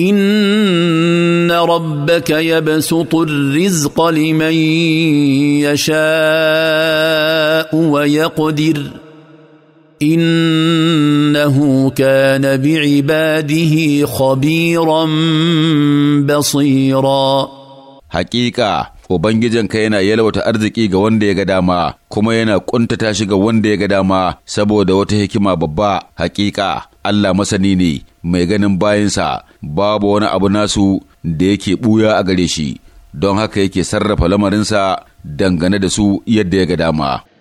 ان ربك يبسط الرزق لمن يشاء ويقدر انه كان بعباده خبيرا بصيرا حقيقه Ubangijinka yana yalwata arziki ga wanda ya ga dama, kuma yana ƙuntata shi ga wanda ya ga dama saboda wata hikima babba, haƙiƙa. Allah masani ne mai ganin bayansa babu wani abu nasu da yake ɓuya a gare shi, don haka yake sarrafa lamarinsa dangane da su yadda ya ga dama.